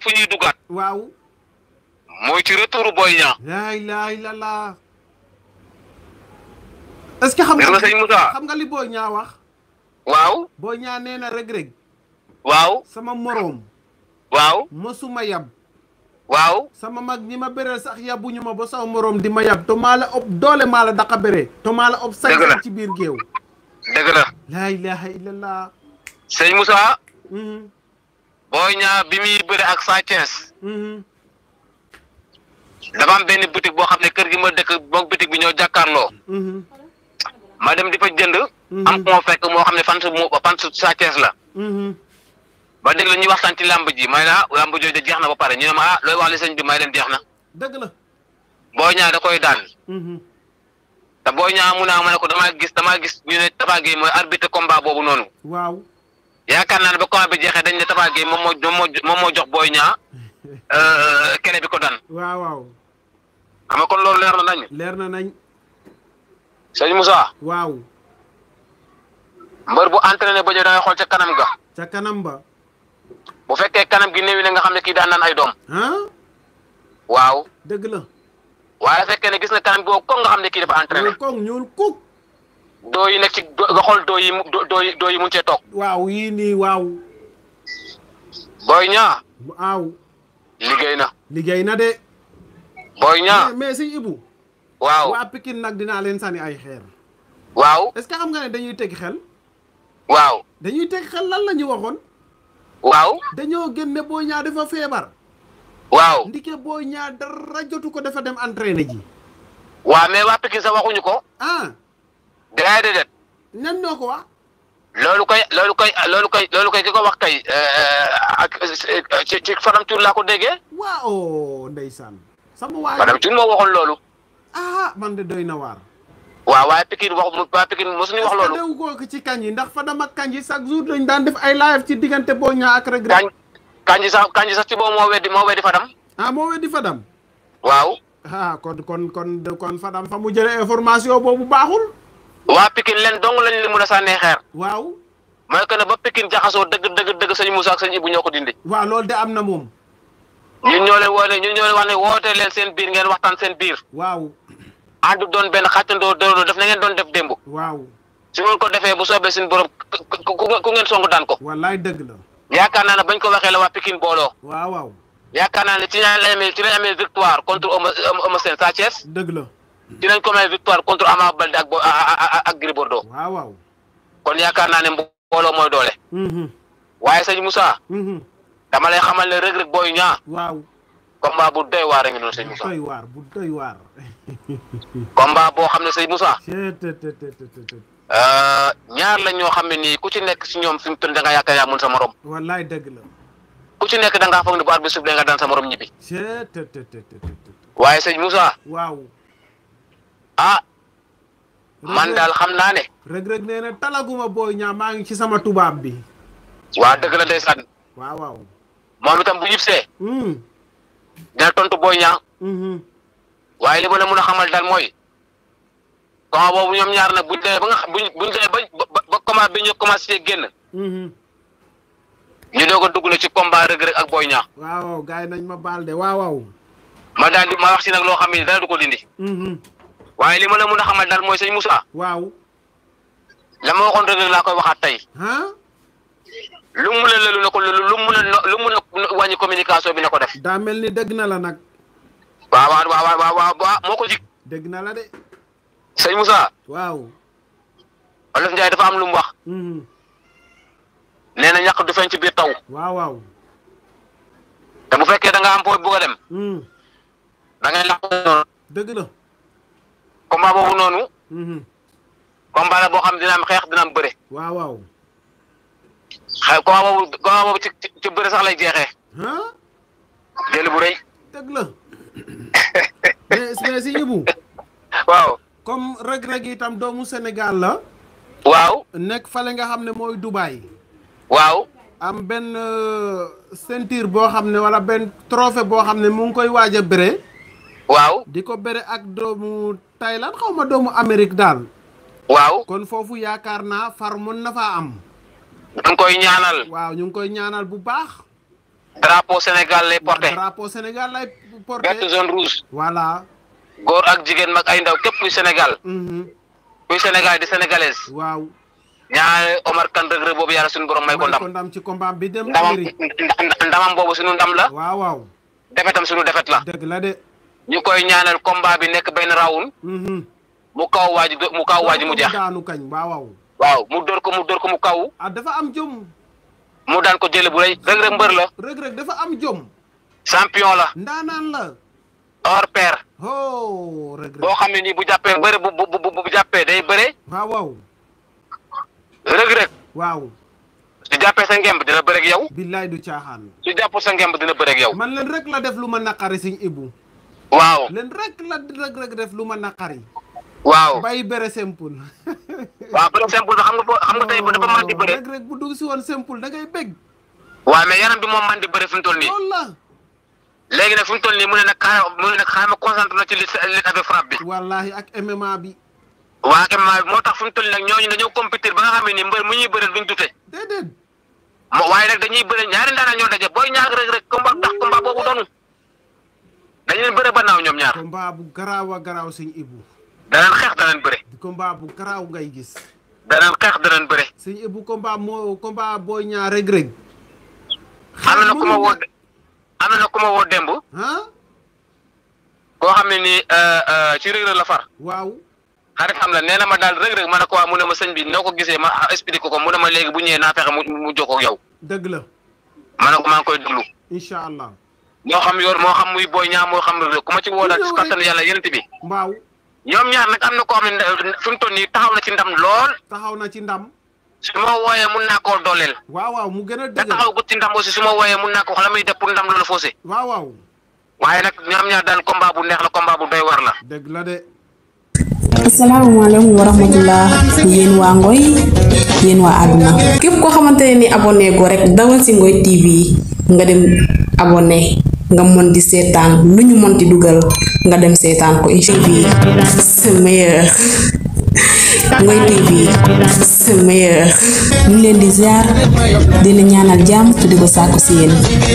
fu ñuy waaw mooy ci retour Boy Niang que xam nga sëñ Moussa xam nga li wax waaw Boy Niang nee na Reug Reug waaw sama moroom waaw mosuma yab waaw sama mag ñi ma bëreel sax yabuñu ma ba sama moroom di ma yab to maa la ëpp doole maa la daqa bëree to maa la ëpp sañ ci biir géew dëgg la la ilaha illallah sëñ booy ñaa bi muy bëri ak Sa mm-hmm. dafa am benn boutique boo xam ne kër gi ma dëkk boog boutique bi ñoo jàkkaarloo mm-hmm. ma dem di fa jënd mm-hmm. am moo fekk moo xam ne fan su mu fan su Sa la ba dégg la ñuy waxtaan ci làmb ji may naa ah, làmb jooju jeex na ba pare ñu ne ma ah looy wax li sëñ bi may leen jeex na dëgg la booy ñaa da koy daan booy ñaa mu naa ma ne ko damaa gis damaa gis ñu ne Tapha Gueye mooy arbitre combat boobu noonu yaakaar naa ne ba combat bi jeexee dañ ne Tapha Gueye moom moo moom moo jox Boy Niang euh, kene bi ko dan waaw waaw xam nga kon loolu leer na nañ leer na nañ sëñ Moussa waaw mbër bu entraîné ba da ngay xool ca kanam ga ca kanam ba bu fekkee kanam gi néew na nga xam ne kii daan naan ay doom waaw dëgg la waaye fekkee ne gis na kanam gi boobu kon nga xam ne kii dafa entraîné kon ñuul kuk doy nek ci do xool do yi doo yi do yi mun cee toog. waaw yi ni waaw. Boy Niang. waaw. liggéey na. na de. Boy Niang mais si Ibu. waaw wa Pikine nak dina len sani ay xeer. waaw est-ce que xam nga ne dañuy teg xel. waaw dañuy teg xel lan lañu waxon waxoon. waaw dañoo génne Boy Niang dafa febar waaw ndike Boy dara jotu ko dafa dem entraîner ji. wa mais wa Pikine sa waxuñu ko. ah. waaye déedéet. nan noo ko wa loolu koy loolu koy loolu koy loolu koy ki ko wax kay eh, eh, ak eh, ci ci Fadam Thioune laa ko déggee. waaw ndeysaan. sama waa Fadam Thioune moo waxoon loolu. ah man de doy na waar. waaw waaye Pikine wax waa Pikine mosuñu wax loolu. est ko ci kañ yi ndax Fadam a kañ yi chaque jour dañ daan def ay live ci diggante boo ñaa ak rek. kañ kañ sax kañ ci boobu moo weddi moo weddi Fadam. ah moo weddi Fadam. waaw. ah kon kon kon kon Fadam fa mu jëlee information boobu baaxul. waa Pikine leen dong lañ li mun a sànnee xeer. waaw. mooy que ne ba Pikine jaxasoo dëgg dëgg dëgg sëñ Moussa ak sëñ bu ñoo ko dindi. waaw loolu de am na moom. ñun ñoo leen woone ñun ñoo leen wax ne woote leen seen biir ngeen waxtaan seen biir. waaw. àndu doon benn xàccandoo dóorandoo daf na ngeen doon def démb. waaw. su ngeen ko defee bu soobee suñu borom ku ngeen songu daan ko. wallaay dëgg la. yaakaar naa ne bañ ko waxee la waa Pikine booloo. waaw waaw. yaakaar naa ne ci ñaan la amee ci la amee la. dinañ ko may victoire contre Amar Baldé ak ak Gri Bordeaux waaw waaw kon yaakaar naa ne mbooloo mooy doole mhm. waye sëñ Moussa hmm dama lay xamal le Reug Reug Boy Niang waaw combat bu doy waar ngi non sëñ Moussa doy waar bu doy waar combat boo xam ne sëñ euh ñaar la ñoo xamne ni ku ci nekk ci ñoom fi mu da nga yaakaar yaa mun sa morom wallahi deug la ku ci nekk da nga foog ne bu arbitre bi nga daan sa morom ñibbi waye sëñ Moussa waaw ah man daal xam naa ne rëg-rëg nee na talaguma booy ñaa maa ngi ci sama tubaab bi waa dëgg la ndeysaan waaw waaw moom itam bu ñibsee dina tontu booy ñaa waaye li ma la mun a xamal daal mooy comment boobu ñoom ñaar nag buñ demee ba nga xam buñ buñ ba ba comment bi ñu commencé génn ñu doog a dugg na ci combat rëg rëg ak booy ñaa waaw gars yi nañ ma baal de waaw waaw ma daal di ma wax si nag loo xam ne dara du ko dindi waaye li ma la mën a xamal daal mooy sëñ Moussa. waaw. la ma waxoon rek laa koy waxaat tey. lu mu mën mu mën a mu mën a communication bi na ko def. daa mel ni dëgg na la nag. waaw waaw waaw moo ko jig. dégg na la de. sëñ Moussa. waaw. Olof Ndiaye dafa am lu mu wax. Hmm. nee na du feeñ ci biir taw. waaw waaw. te bu fekkee danga am foofu bëgg a dem. Hmm. da ngay dëgg la. combat boobu noonu. Mhm. combat la boo xam dina am xeex dina am bëre. waaw waaw. xay combat boobu ci ci bëre sax lay jeexee. jël bu rëy. dëgg la mais si Ibou. waaw. comme rëg-rëg itam doomu Sénégal la. waaw nekk fale nga xam ne mooy Dubaï. waaw. am benn euh, ceinture boo xam ne wala benn trophée boo xam ne mu ngi koy waaj a bëre. waaw di ko bëre ak doomu. Thailand xawma doomu Amérique daal. waaw kon foofu yaakaar naa far mën na faa am. ñu ngi koy ñaanal. waaw ñu ngi koy ñaanal bu baax. drapeau Sénégal lay porté. drapeau Sénégal lay porté. verte zone rouge. voilà. góor ak jigéen mag ay ndaw képp kuy Sénégal. Mhm. kuy Sénégal di sénégalaise. waaw. ñaare Omar Kane Reug Reug boobu yàlla suñu borom may ko ndam. ndam ci combat bi dem. ndamam ndamam boobu suñu ndam la. waaw waaw. defetam suñu defet la. dëgg la de ñukoy ñaanal combat bi nekk benn round mhm. mu kaw waji mu kaw waji mu jax daanu kañ ba waw waw mu dor ko mu dor ko mu kaw ah dafa am jom mu daan ko jël bu rëy rëg rëg mbër la rëg rëg dafa am jom champion la ndaanaan la or père ho rëg rëg bo xamni ni bu jappé bëre bu bu bu bu jàppee day bëre waaw waw rëg rëg waw su jappé sa ngemb dina bëre ak yow billahi du chaahan su jàpp sa ngemb dina bëre ak yow man len rek la def lu ma naqari siñ ibu waaw leen rek la rek rek def lu man ma naqari. waaw bàyyi bëre simple. waaw bëre simple xam nga boo xam nga tey dafa mën di bëre. rek rek bu dugg si woon simple da ngay bég. waaw mais yaram bi moom mën di bëre fi mu nii. wallaahi. léegi nag fi mu toll nii mu ne nag xaaral mu ne nag xaaral ma concentré na ci lutte avec frappe bi. wallaahi ak MMA bi. waa ak MMA bi moo tax fi mu toll nii nag ñooñu dañoo compétir ba nga xam ne nii mbër mu ñuy bëre duñ dute. déedéet. waaye nag dañuy bëre ñaari ndaanaan ñoo daje booy ñaar rek rek combat tax combat dañ leen bëre ba naaw ñoom ñaar combat bu garaaw a garaaw sëñ Ibu danaan xeex danaan bëre combat bu garaaw ngay gis danaan xeex danaan bëre sëñ Ibu combat moo combat booy ñaar rëg rëg am na ku ma woo am na ku ma woo demb ah koo xam ne ni euh, euh, ci rëg rëg la far waaw xarit xam la nee na ma daal rëg rëg ma ne ko waa mu ne ma sëñ bi noo ko gisee ma expliqué ko mu ne ma léegi bu ñëwee naa fexe mu mu jokkoo yow dëgg la ma ne ko maa ngi koy déglu incha allah ño xam yor mo xam muy boy ñaam mo xam ku kuma ci woo daal ci katan yalla yent bi waw ñom ñaar nak amna na koo fuñ toni taxaw na ci ndam lool taxaw na ci ndam suma woyé mën na ko dolel waw waw mu gëna a dëgg taxaw ko ci ndam aussi suma woyé mën na ko xala muy depp ndam loolu fossé waw waw waye nak ñom ñaar dal combat bu neex la combat bu doy war la dëgg la de wa rahmatullah ngoy yeen wa aduna képp ko abonné ko rek dawal ci ngoy tv nga dem abonné nga mën di seetaan lu ñu mën di dugal nga dem seetaan ko Ngoye TV c'est meilleur Ngoye TV leen di ziar di leen ñaanal jàmm te di ko sàkku si